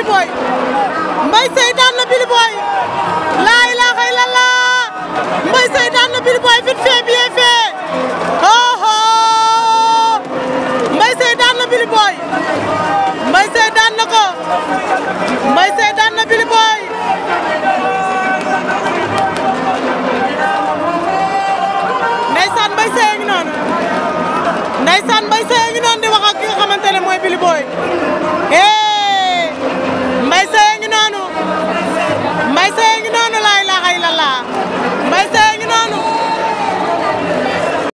Billy Boy Mbaye Seye daan na Billy Boy laa ilaaha illallah Mbaye Seye daan na Billy Boy vite fait bien fait oh oh Mbaye Seye daan na Billy Boy Mbaye Seye daan na ko Mbaye Seye daan na Billy Boy ndeysaan Mbaye Seye ngi noonu ndeysaan